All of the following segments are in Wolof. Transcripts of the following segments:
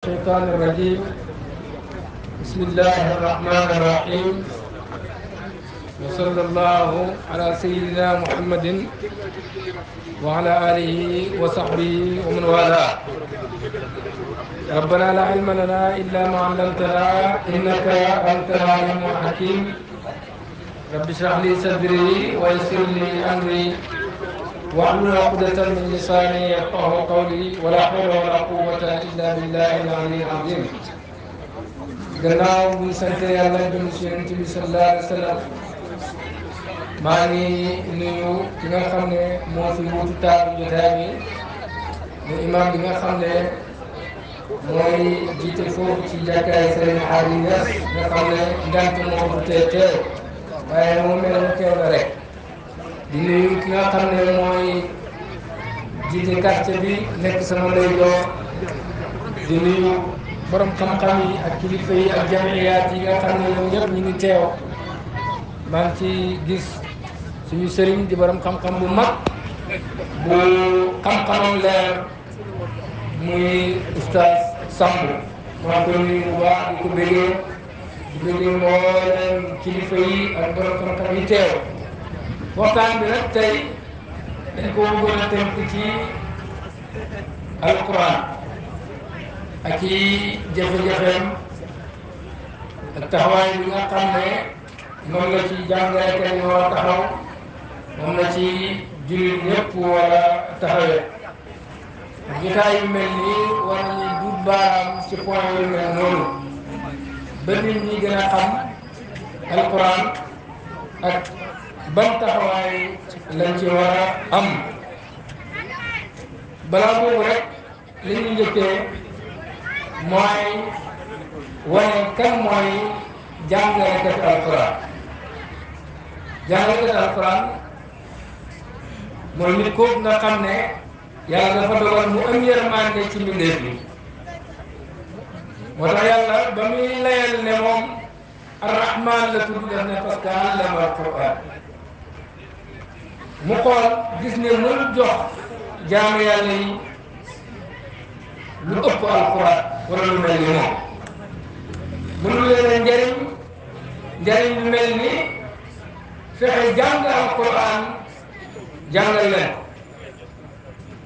الشيطان الرجيم بسم الله الرحمن الرحيم وصلى الله على سيدنا محمد وعلى آله وصحبه ومن والاه ربنا لا علم لنا إلا ما علمتنا إنك أنت العليم الحكيم رب اشرح لي صدري ويسر لي أمري واحلل عقدة من لساني يفقه قولي ولا حول ولا قوة إلا بالله العلي العظيم gannaaw buñ sant yàlla julli ci yonent bi sallallahu alayhi wa sallam maa ngi nuyu ki nga xam ne moo fi wuutu taaru jotaay bi mu imam bi xam ne mooy jiite foofu ci jàkkaay Serigne Hady Niass nga xam ne ngant moo ko tee teew waaye moo mel di nuyu ki nga xamne moy jité quartier bi nek sama do di nuyu borom xam-xam yi ak kilifa yi ak jamiyaat yi nga xamne ne ñoom ñëpp ñu ngi téw maa ci gis suñu sëriñ di borom xam-xam bu mag bu xam xam leer muy oustaz sambu maa ko ñu nuyu bu ko bëggee di mo mbooleem kilifa yi ak borom xam-xam yi téw waxtaan bi nag tey dañ ko bëggoon a ci alquran ak i jafe-jafeem ak taxawaay bi nga xam ne moom la ci jàngalekat yi war a taxaw moom la ci jullit yëpp war taxawee jotaay mel nii war nañu duut baaraam ci point yu mel noonu ba nit ñi gën a xam alquran ak ban taxawaay lañ ci war a am balaa boobu rek li ñu mooy wane kan mooy jàngalekat alquran jàngalekat alquran mooy nit kooku nga xam ne yàlla dafa dogal mu am yërmande ci mbindeef bi moo tax yàlla ba muy layal ne moom arrahman la tudd def ne parce que allama alquran mu xool gis ne mënul jox jaamu yàlla yi lu ëpp alquran wala lu mel ni moom mënul leen a njëriñ lu mel ni fexe jàng alquran jàngal leen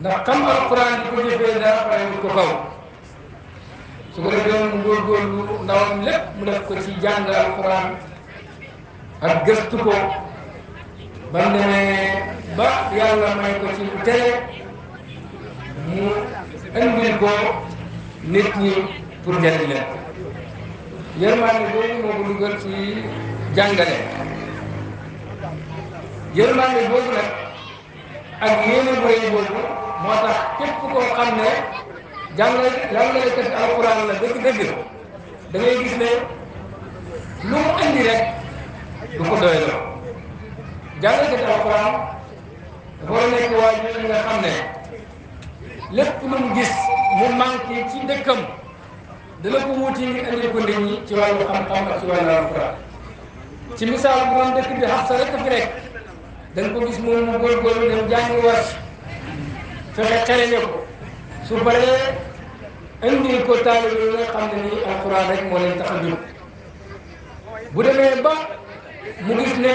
ndax xam alquran di ko jëfee dara xale ko kaw su ko defee mu góorgóorlu ndawam lépp mu def ko ci jàng alquran ak gëstu ko. ba mu demee ba yàlla may ko ci tere mu indil ko nit ñi pour njëriñ leen yërmaande boobu moo ko dugal ci jàngale yërmaande boobu nag ak yéene bu rëy boobu moo tax képp koo xam ne jàngale jàngalekat alquran la dëgg-dëgg da ngay gis ne lu mu indi rek du ko doy la jàng kat alquran dafa war a nekk waajur yi nga xam ne lépp lu mu gis mu manqué ci dëkkam dana ko wuti ngir andil ko nit ñi ci wàllu xam-xam ak ci wàllu alquran ci misaal bu doon dëkk bi xafsa rek fi rek da nga ko gis moom mu dem jàngi fexe ko su andil ko yi nga xam ne nii alquran rek moo leen tax a jóg bu demee ba mu gis ne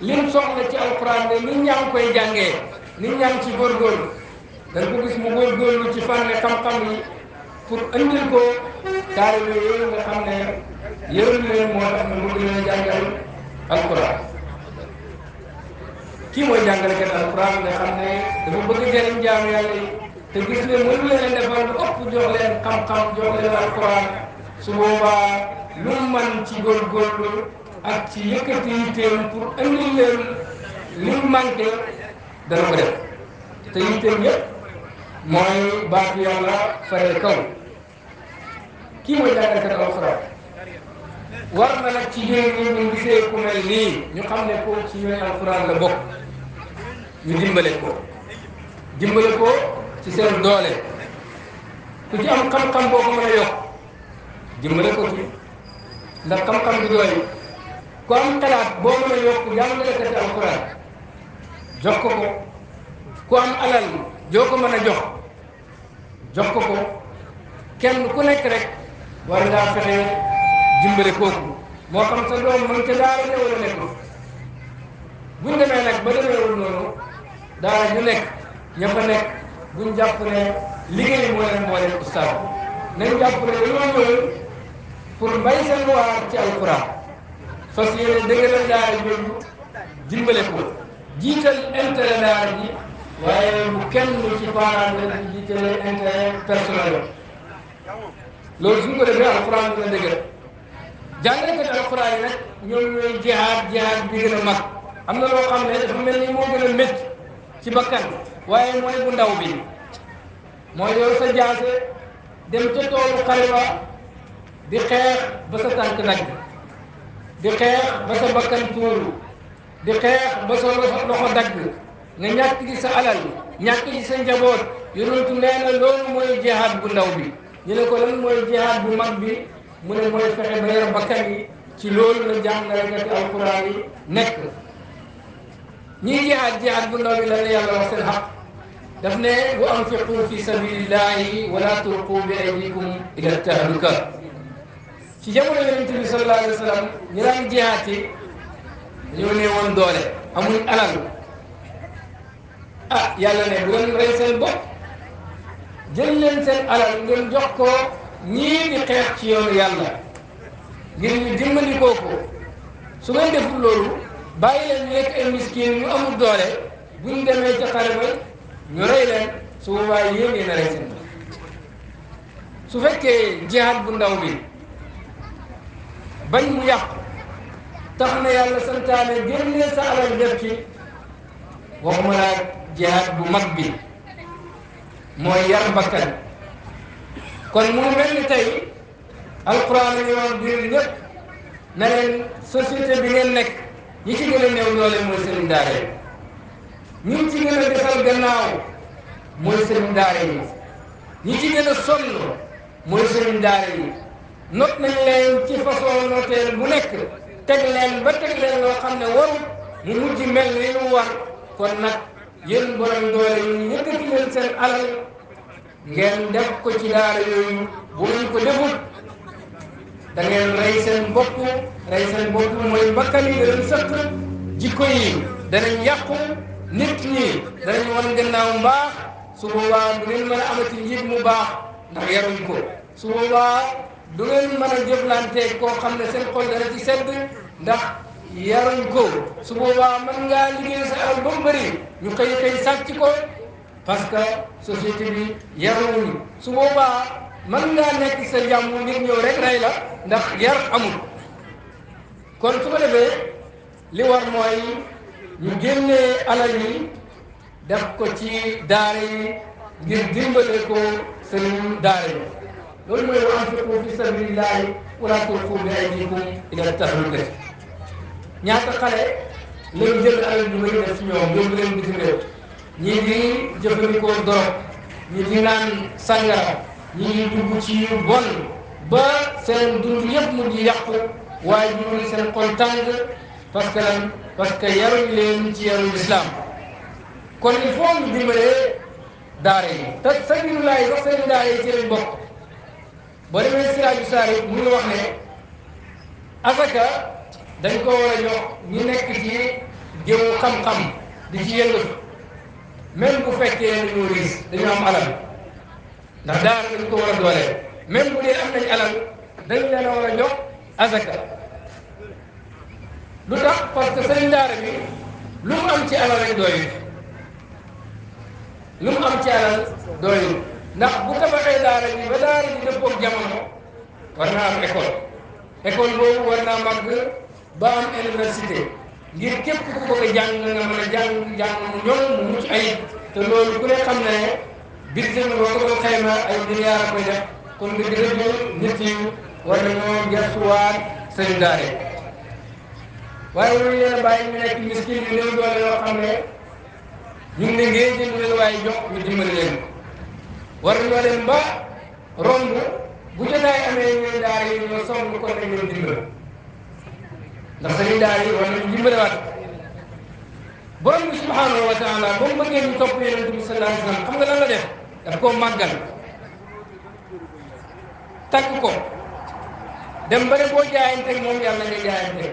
lim soxla ci alquran ne nit ñaa koy jàngee nit ñaa ci góorgóorlu dañ ko gis mu góorgóorlu ci fànn xam-xam yi pour andil ko taalibe yooyu nga xam ne yërëm leen moo tax mu bëgg leen jàngal alquran kii mooy jàngalekat alquran ne dafa bëgg jëriñ jaam te gis ne mënu leen defal lu ëpp jox leen xam-xam jox leen alquran su boobaa lu ak ci yëkkati yitteem pour indi leen li manqué dana ko def te yitteem yëpp mooy baatu yàlla faree kaw kii mooy jàngalekat alxuraan war na nag ci yéen ñi ñu gisee ku nii ñu xam ne ko ci yooyu alxuraan la bokk ñu dimbale ko dimbale ko ci seen doole ku ci am xam-xam boo ko mën yokk dimbale ko ci ndax xam-xam bi doole kuamtala bomo yokku yamlele kadi alquran jokko ko ku am alal joko mën a jox jox ko ko kenn ku nekk rek war ngaa fexe dimbale kooku moo xam sa doom mën ca daara ne wala nekk buñ demee nag ba demeewul noonu daara ñu nekk ña fa nekk buñ jàpp ne liggéey moo leen moo leen ustaas nañ jàpp ne dañoo ñëwul pour mbay seen waar ci alquran fas yéene dëgëral daara jooju dimbale ko jiital intérêt daara ji waaye bu kenn ci parent la di jiital intérêt personnel la loolu su ko defee alxuraan dina dëgër jàngale jàngalekat alxuraan yi nag ñoom ñooy jihaad jihaad bi gën a mag am na loo xam ne dafa mel ni moo gën a métti ci bakkan waaye mooy bu ndaw bi mooy yow sa jaase dem ca toolu xare ba di xeex ba sa tànk nag di xeex ba sa bakkan tuuru di xeex ba sa loxo dagg nga ñàkk ci sa alal ñàkk ci njaboot yonentu nee na loolu mooy jihaad bu ndaw bi ñu ne ko lan mooy jihaad bu mag bi mu ne mooy fexe ba yor bakkan yi ci loolu la jàngalekati alquran yi nekk ñii bu ndaw bi lan la yàlla wax seen daf ne wa anfiqu fi sabilillahi wala tulqu bi aydikum ila tahluka ci jamono yonent bi sallallahu alayhi wa sallam ñu daan jihaat yi dañoo ne woon doole amuñ alal ah yàlla ne bu ngeen rey seen bopp jël leen seen alal ngeen jox ko ñii di xeex ci yoonu yàlla ngir ñu dimbali kooku su ngeen def loolu bàyyi leen ñu nekk ay miskin ñu amul doole bu ñu demee ci xare ba ñu rey leen su boobaa yéen ngeen a rey seen bopp su fekkee jihaat bu ndaw bi. bañ mu yàqu tax na yàlla santaane génne sa alal def ci waxuma laa jihaad bu mag bi mooy yar bakkan kon mu mel ni tey alquran yi wax dir ñëpp na leen société bi ngeen ñi ci gën a doole mooy sëriñ daara ñi ci gën a defal gannaaw mooy sëriñ daara ñi ci gën a sonn mooy sëriñ not nañ leen ci façon noteel bu nekk teg leen ba teg leen loo xam ne warut mu mujj mel ni lu war kon nag yéen borom doole yi yëkkati leen seen alal ngeen def ko ci daara yooyu bu ngeen ko defut da rey seen bopp rey seen bopp mooy bakkan yi dañu sëkk jikko yi danañ yàqu nit ñi danañ wan gannaaw mbaax su boobaa du ngeen mën a amati njiit mu baax ndax yaruñ ko su boobaa du ngeen mën a jëflanteeg koo xam ne seen xol dana ci sedd ndax yaruñ ko su boobaa mën ngaa liggéey sa al ba ñu xëy xëy sàcc ko parce que société bi yaruñu su boobaa mën ngaa nekk sa jàmm ngir ñëw rek rey la ndax yar amul kon su ko defee li war mooy ñu génnee alal def ko ci daara yi ngir dimbale ko seen daara yi loolu mooy wa anfiqu la sabilillahi wala tulqu bi aydikum ila tahluka ñaata xale lañ jël alal ñu bëri def ñoom yóbbu leen bitim réew ñii di jëfandikoo dorog ñii di naan sàngara ñii di ci bon ba seen dund yëpp mu ngi yàqu waaye ñu ngi seen xol tàng parce que lan que yaruñ leen ci yaru lislaam kon il faut ñu dimbalee daara yi te sabilullahi sax seen daara yi ci lañ bokk boo demee siraaju saari mu ngi wax ne asaka dañ ko war a jox ñu nekk ci jëwu xam-xam di ci yëngatu même bu fekkee dañoo riis dañoo am alal ndax daara dañ ko war a dooleel même bu dee am nañ alal dañ leen war a jox asaka lu tax parce que sëriñ daara bi lu mu am ci alal rek doyul lu mu am ci alal doyul ndax bu tabaxee daara bi ba daara bi dëppoog jamono war naa am école école boobu war naa màgg ba am université ngir képp ku bëgg a jàng nga mën a jàng jàng mu ñoom mu mucc ayib te loolu ku ne xam ne budget boo ko doon xayma ay milliards a koy def kon nga gën a nit yi war nañoo gëstuwaat seen daara waaye loolu yéen bàyyi ñu nekk miskin yi néew doole yoo xam ne ñu ngi ne ngeen jënd leen waaye jox ñu dimbali leen war nañoo dem ba romb bu jotaay amee ñooy daara yi ñoo sonn kon dañ leen dimbal ndax dañuy daara yi war nañu dimbalewaat borom bi subhanahu wa taala moom bëggee ñu topp yonente bi sallallahu alayhi wa sallam xam nga lan la def daf koo màggal tàgg ko dem ba ne boo jaayanteeg moom yàlla nga jaayanteeg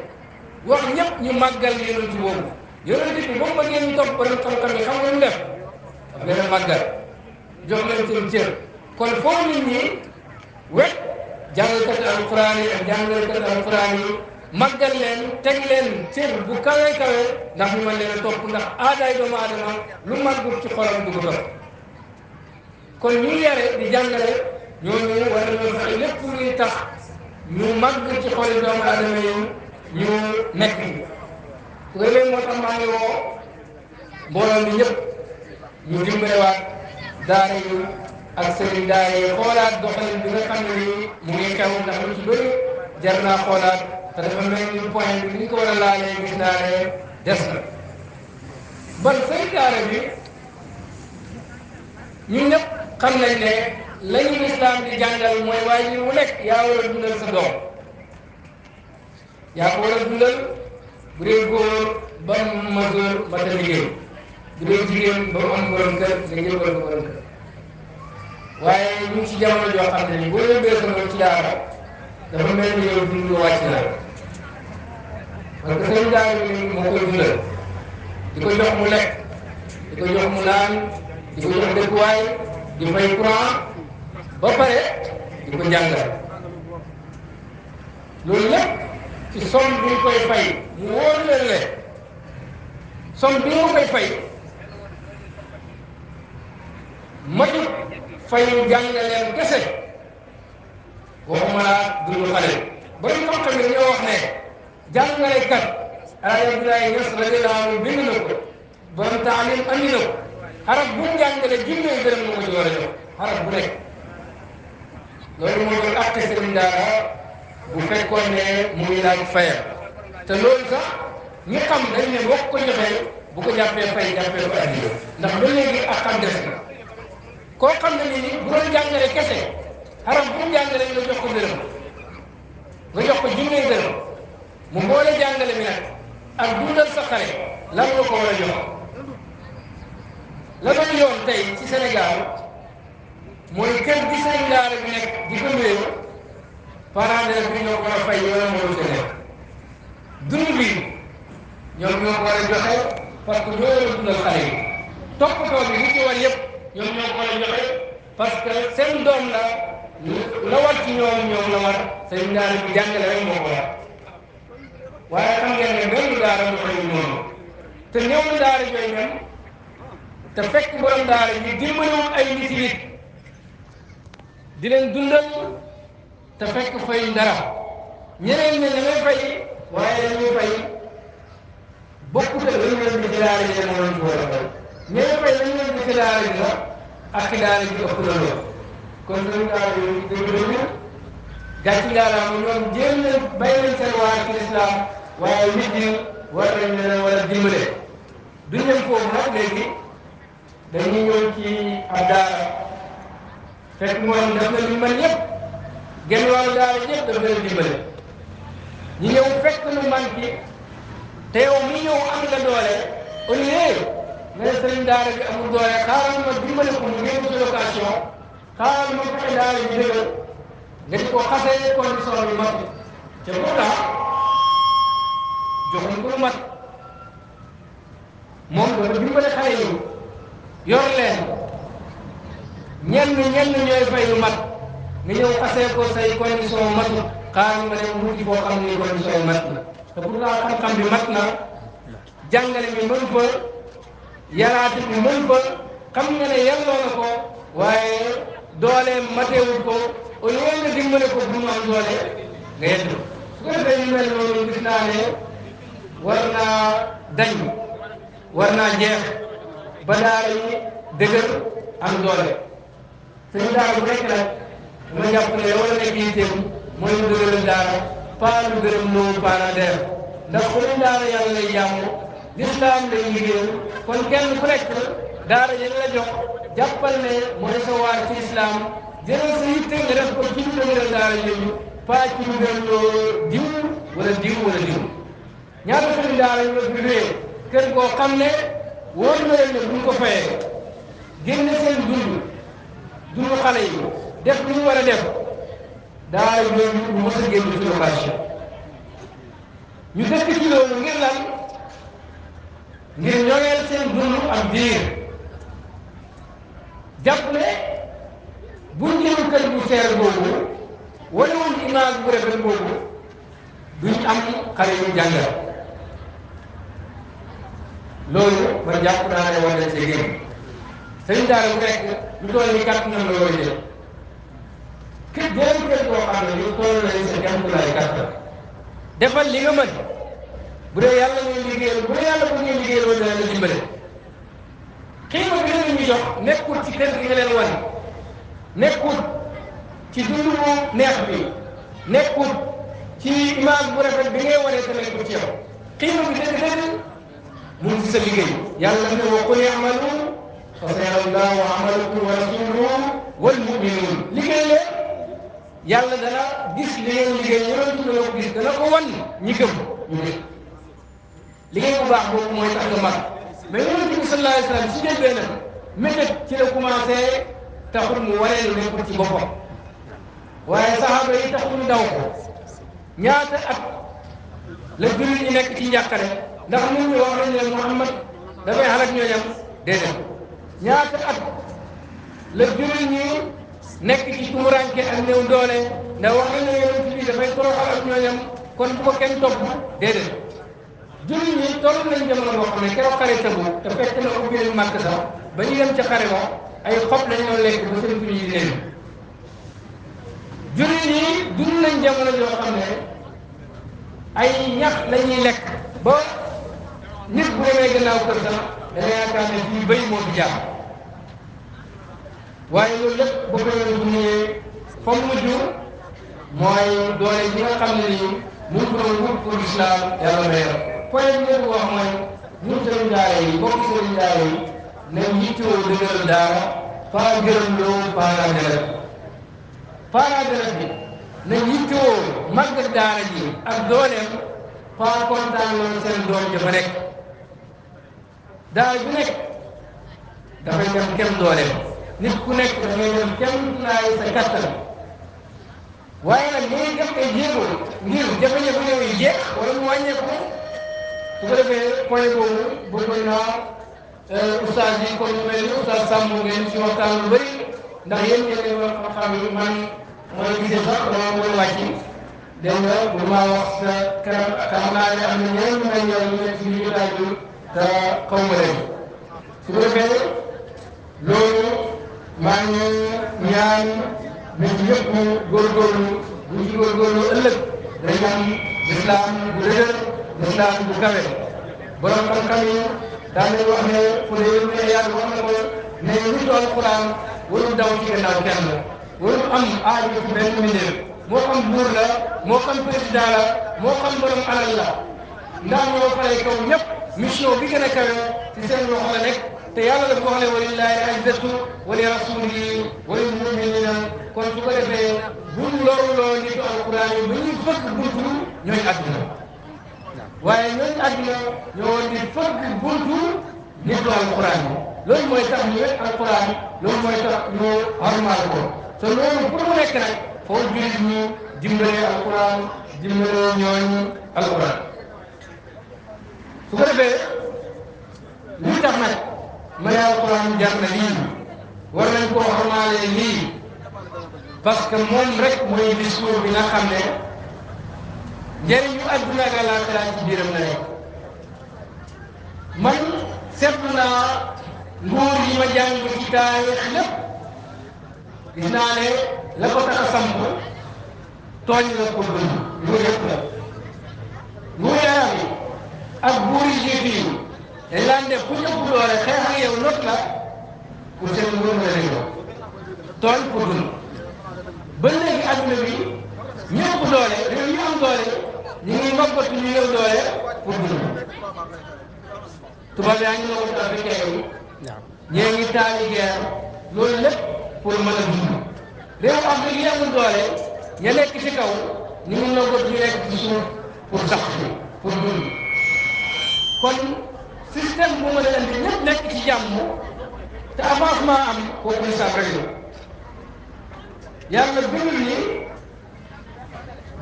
wax ñëpp ñu màggal yonente boobu yonente bi moom bëggee ñu topp borom xam-xam yi xam nga lu def daf leen a màggal jox leen seen cër kon foo nit ñi wet jàngalekat alquran yi leen teg leen cër bu kawe kawe ndax ñu mën a topp ndax aadaay doomu aadama lu màggut ci xolam du ko topp kon ñu yare di jàngale ñooñu war nañoo fexe lépp luy tax ñu màgg ci xoli doomu aadama yi ñu nekk su ko defee moo tax maa ngi woo mbooloo mi ñëpp ñu daara yi ak sëriñ daara yi xoolaat doxalin bi nga xam ne nii mu ngi xew ndax lu naa xoolaat te dafa mel ni point bi ni ñu ko war a laalee gis naa ne des na ban sëriñ daara bi ñun ñëpp xam nañ ne la ñu di jàngal mooy waajur wu nekk yaa war a dundal sa yaa ko war a dundal ba mu ma ma ta réew jigéen ba mu am borom kër nga jël ko borom kër waaye ñu ngi ci jamono joo xam ne ni boo yóbbee sa doom ci daara dafa mel ni yow dund wàcc na parce que seen daara bi moo koy dundal di ko jox mu lekk di ko jox mu naan di ko jox dëkkuwaay di fay courant ba pare di ko jàngal loolu lépp ci somme bi ñu koy fay mu wóor leen ne somme bi nga koy fay. matut fay jàngaleen kese waxuma laa dundu xale ba ñu xam tamit ñoo wax ne jàngalekat alaaji Abdoulaye Niass radiyallaahu anhu bind na ko borom taalim andi na ko xarab bu ñu jàngale junne dërëm na ko ci war a jox xarab bu nekk loolu moo doon àq sëriñ daara bu fekkoon ne mu ngi laaj te loolu sax ñi xam dañ ne bokk ko joxee bu ko jàppee fay jàppee ko andi ndax ba léegi ak xam des na koo xam ne nii bu doon kese xaram bu mu jàngale nga jox ko dërëm nga jox ko junne dërëm mu boole jàngale mi nag ak dundal sa la ko war a jox la doon yoon tey ci Sénégal mooy kër gi seen daara bi nekk di ko nuyu parents d'élèves bi ñoo ko fay wala moo ko nekk dund bi ñoom ñoo ko war a joxe parce que loolu dundal xale yi toppatoo bi li war yëpp. ñoom ñoo koy joxe parce que seen doom la la ci ñoom ñoom la war seen daara bi jàngale rek moo ko war waaye xam ngeen ne benn daara du koy noonu te néew na jooy ñoom te fekk borom daara yi dimbalewul ay nit nit di leen dundal te fekk fay dara ñeneen ñi dañuy fay waaye dañuy fay bokkut ak lu ñu leen di daara yi daara ji la ak daara ji ëpp na lool kon loolu daara yooyu dëgg la gàcc daara mu ñoom jéem nañ bay nañ seen waar ci lislaam waaye nit war nañ leen war a dimbale duñ leen foofu nag léegi dañuy ñëw ci ab daara fekk moom def na lu mën yëpp genn wàllu daara yëpp daf leen dimbale ñu ñëw fekk lu man ci te yow mi ñëw am nga doole au lieu ne sëriñ daara bi amul doole xaaral ma dimbale ko mu génn ci location xaaral ma fexe daara bi dëgër nga di ko xasee condition bi mat te moo tax joxuñ ko lu mat moom dafa dimbale xale yi yor leen ñenn ñenn ñooy fay lu mat nga ñëw xasee ko say condition matu xaaral ma dem wuti boo xam ni condition mat na te pourtant xam-xam bi mat na jàngale mi mën fa yaraati bi mën ko nga ne yelloo ko waaye dooleem matewul ko au lieu nga dimbale ko bu am doole nga yedd ko su ko defee ñu noonu gis naa ne war naa dañ war naa jeex ba daara dëgër am doole suñu daara bu nekk nag dama jàpp ne war a nekk yitteem mooy lu daara pas lu gërëm loo ndax ku ne daara yàlla lay jàmm lislaam lay liggéeyal kon kenn ku nekk daara jël la jox jàppal ne mooy sa waar ci lislaam jëlal sa yitte nga def ko ci dëgëral daara yooyu paa ci lu gën diw wala diw wala diw ñaata sëriñ daara yu la duggee kër goo xam ne wóor na leen ne buñ ko fayee génn seen dund dundu xale yi def lu ñu war a def daara yooyu lu mos a génn ci ñu dëkk ci loolu ngir lan ngir ñoŋeel seen dund ak diir jàpp ne bu njëriñ kër bu seer boobu wala woon image bu rafet boobu duñ am xale yu jàngal loolu ba jàpp naa ne war nañ see génn sëñ daara bu nekk lu toll ni kàtt na la war a jël kër boobu kër boo xam ne lu toll nañ sa jàmm laay kàtt defal li nga mën bu dee yàlla ñuy liggéeyal bu dee yàlla bu ñuy liggéeyal woon dana la dimbale xiima bi leen ñu jox nekkul ci kër gi nga leen wane nekkul ci dund bu neex bi nekkul ci image bu rafet bi ngay wane te nekkul ci yow xiima bi dëgg dëgg mu ngi sa liggéey yàlla ne wa qul i'malu fa sayara llahu amalakum wa rasuluhu wal muminun liggéey leen yàlla dana gis li ngeen liggéey yonentu dana ko gis dana ko wan ñi gëm ñu gëm liggéey bu baax boobu mooy tax nga mag mais yonent bi sallallahu alayhi wa sallam si njëlbee na méthode ci la commencé taxul mu waree lu nekkul ci boppam waaye saxaaba yi taxul ñu daw ko ñaata at la jullit ñi nekk ci njàqare ndax nit ñi wax nañ ne Muhammad dafay xalak ñooñam déedéet ñaata at la jullit ñi nekk ak néew doole ndax wax a ne yonent bi dafay toroxal ak ñooñam kon bu kenn topp déedéet jullit ñi toll nañ jamono boo xam ne keroog xare tëbu te fekk na ubbi nañ màkk sax ba ñu dem ca xare ba ay xob la ñoo lekk ba seen jullit yi leen jullit yi dund nañ jamono yoo xam ne ay ñax la lekk ba nit bu demee gannaaw kër sax da nga yaakaar fii béy moo fi jàpp waaye loolu lépp boo ko yore bu ñëwee fa mujj mooy doole bi nga xam ne nii mu ngi doon wut pour islam yàlla na point bi ngeen wax mooy ñun sëriñ daara yi bokk sëriñ daara yi nañ yittoo dëgëral daara faa gërëm loo parent d'élève parent d'élève bi nañ yittoo màggal daara ji ak dooleem faa kontaan loolu seen doom ja fa nekk daara ju nekk dafay dem kenn dooleem nit ku nekk dafay dem kenn laay sa kattan waaye nag ñi ngi def ay jéego ngir jafe-jafe yooyu jeex wala mu wàññeeku su ko defee point boobu bëggoon naa euh, oustaz yi kon ñu mel ni oustaz Samb ngeen ci waxtaan lu bëri ndax yéen ñoo ngi wax xam-xam yi man mooy gisee sax dama koy wàcc dégg nga bu ma wax sa kanam xam naa ne am na ñeneen ñu may ñëw ñu nekk ci biir jotaay bi te xaw ma leen su ko defee loolu maa ngi ñaan nit ñëpp góorgóorlu bu ñu góorgóorlu ëllëg dañu am islam bu dëgër. mu daan bu gawe borom xam-xam yi daan nañu wax a ku ne a ne yàlla wax na ko ne lu doon Alxuraan warul daw ci gannaaw kenn warul am aaju ci benn mbindeef moo xam buur la moo xam président la moo xam borom alal la ndax ñoo fay kaw ñëpp mission bi gën a kawe ci seen loxo la nekk te yàlla dafa wax ne walillahi izzatu wa li rasulihi wa lil muminina kon su ko defee buñ loolu loo nitu Alxuraan yi lu ñu bëgg buntu ñooy àdduna waaye ñooñu àddina ñoo di fëgg buntu nitu alquran yi loolu mooy tax mooy tax ñu xormaal ko te loolu pour mu nekk nag foo jullit ñu dimbalee alquran dimbalee ñooñu alquran su ko li tax nag ma ne alquran jar lii war nañ koo xormaalee lii parce que moom rek mooy discours bi nga xam ne njëriñu adduna ak àllaaxira ci biiram la nekk man seetlu naa ma jàng ci taarix lépp la ko tax a tooñ la ko gën nguur yëpp la nguur arab ak nguur yi juif yi dañ daan def ku ñëpp doole not la pour seen nguur la lañ tooñ ko dund ba adduna bi ñëpp doole réew yi am ñu ngi mbëggatu ñu néew doole pour dund tubaab yaa ngi doon wut africain yi. ñee ngi taali guerre loolu lépp mën a dund. réew Afrique yi amul doole ña nekk ci kaw ñu ngi mbëggatu ñu nekk ci suuf pour sax pour dund kon système bu mën a andi ñëpp nekk ci jàmm te avancement am kooku lislaam rek la yàlla bindul ni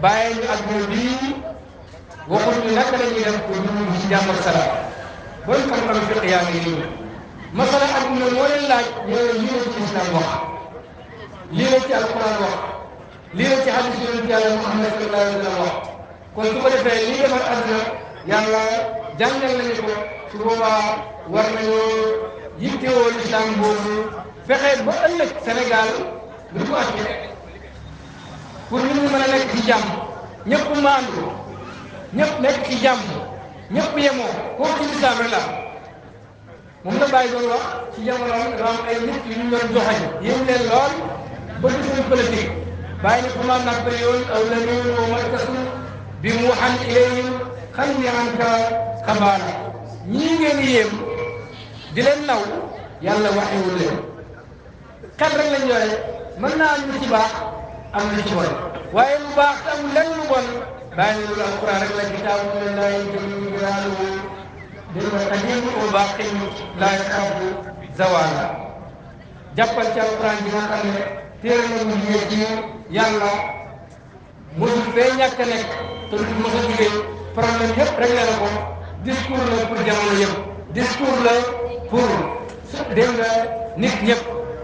bàyyi ñu ak waxul ñu la ñuy def pour ñu mun ci jàmm ak salaam borom xam-xam yaa ngi nii masala adduna moo leen laaj lii la ci islam wax lii la ci alquran wax lii la ci hadis yonent yàlla Muhammad sallallahu alayhi wa sallam wax kon su ko defee lii defar adduna yàlla jàngal nañu ko su boobaa war nañoo yittewoo islam boobu fexe ba ëllëg Sénégal du ko atte pour ñu mën a nekk ci jàmm ñëpp ñëpp nekk ci jàmm ñëpp yemoo foofu ci lislaam rek la moom la bàyyi doon wax ci jamonoom dafa am ay nit yu ñu doon joxañ yéen leen lool ba du suñu politique bàyyi ne comment nag ba yoon aw la yoon wa markasu bi mu waxan ilayhim xam ni anka xabaana ñii ngeen yéem di leen naw yàlla waxewul leen xel rek lañ yore mën naa am lu ci baax am lu ci bon waaye lu baax te amul lenn lu bon baanirul alquran rek la kitaabu min laa yantahi biraaluhu dina qadim wa baqin laa yaxaafu zawaala jàppal ci alquran bi nga xam ne téere la mu jógee ci yàlla mosul fee ñàkk a nekk te du mos a jógee problème yëpp rek la ko discours la pour jamono yëpp discours la pour dégg nga nit ñëpp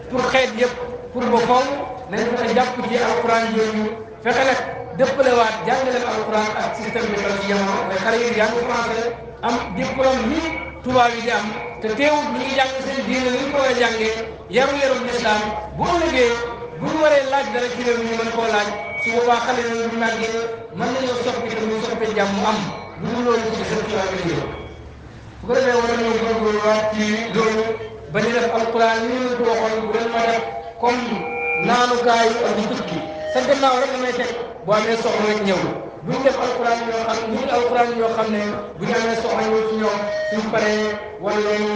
pour xeet yëpp pour ba faw nañ fexe jàpp ci alquran yooyu fexe nag dëppalewaat jàngale ba alquran ak système bi bala ci jamono mooy xale yi jàng français am diplôme ni tubaab yi di am te teewul ñu ngi jàng seen diine li ñu ko war a jàngee yaru yarum lislaam bu ëllëgee bu ñu waree laaj dara ci réew mi ñu mën koo laaj su a xale yooyu bu màggee mën nañoo soppi te muy soppi jàmm am bu dul bu ko defee war ba ñu def alquran ni ñu ko waxoon bu leen sa gannaaw rek la may teg boo amee soxla rek ñëw bu ñu def alquran yoo xam ñu ngi alquran ne bu ñu amee soxla ñëw ci ñoom suñ paree wala leen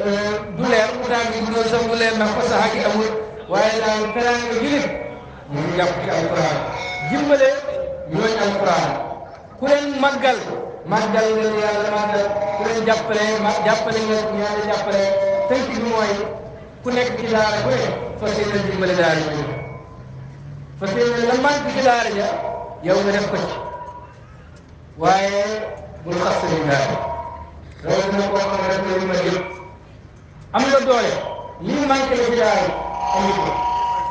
euh, ku leen màggal màggal nga yàlla màggal ku ne jàppale ma jàppale nga ñaari jàppale tënk bi mooy ku nekk ci daara bu ne fas yéene dimbale daara ji fas yéene la manque ci daara ja yow nga def ko ci waaye bul xas sëriñ daara loolu dina koo xam ne rek loolu ma jël am nga doole lii manque la ci daara amit ko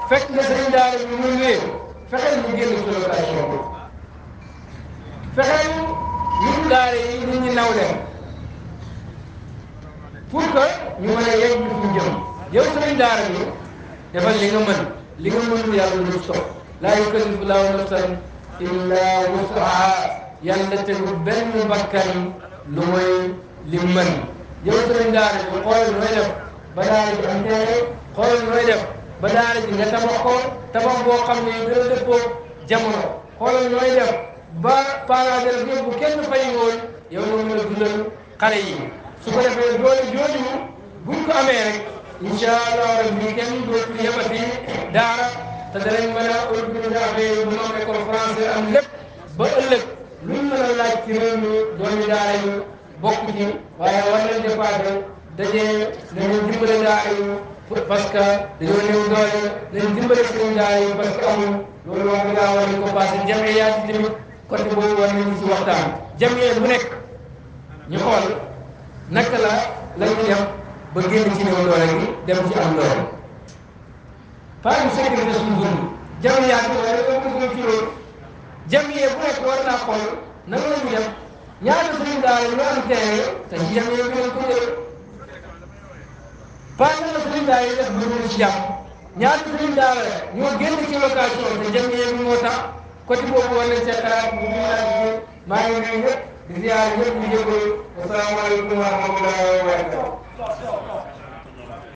fekk nga sëriñ daara bi mu ñëwee fexeel mu génn ci location bi fexeel nit daara yi nit ñi naw leen pour que ñu mën a yegg ñu fi jëm yow sëriñ daara bi defal li nga mën li nga mënul yàlla lu sox laa yukallifu laahu nafsan illaa wusaha yàlla tegu benn bakkan lu mooy li mën yow sëriñ daara bi xoolal nooy def ba daara ji am teere xoolal nooy def ba daara ji nga tabax ko tabax boo xam ne dina dëppoo jamono xoolal nooy def ba paradel bi bu kenn fayi woon yow moom mën a dundal xale yi su ko defee doole jooju mu bu ko amee rek incha allah rabbi kenn dootu yabati daara te danañ mën a organisation bu ma ko conférence am lépp ba ëllëg lu mën a laaj ci réew mi doomu daara yu bokk ci waaye war nañ dépassé dajee dañoo dimbale daara yu parce que dañoo néew doole dañ dimbale suñu daara côté boobu war nañu si waxtaan jamiyee bu nekk ñu xool naka la la ñu def ba génn ci néew doole gi dem ci am doole par ñu sécurité suñu dund jamiyaa bi war naa xool naka la ñu ñaata suñu daara ñu am terrain te jamiyee bi lañ ko jëlee par naka suñu daara yi def lu ñu génn ci location te jamiyee bi moo tax côté boobu war nañ cee xalaat ñu ngi naan jigéen maa ngi nuyu ñëpp di ziar ñëpp di jégalu asalaamaaleykum wa rahmatulah wa barakatuh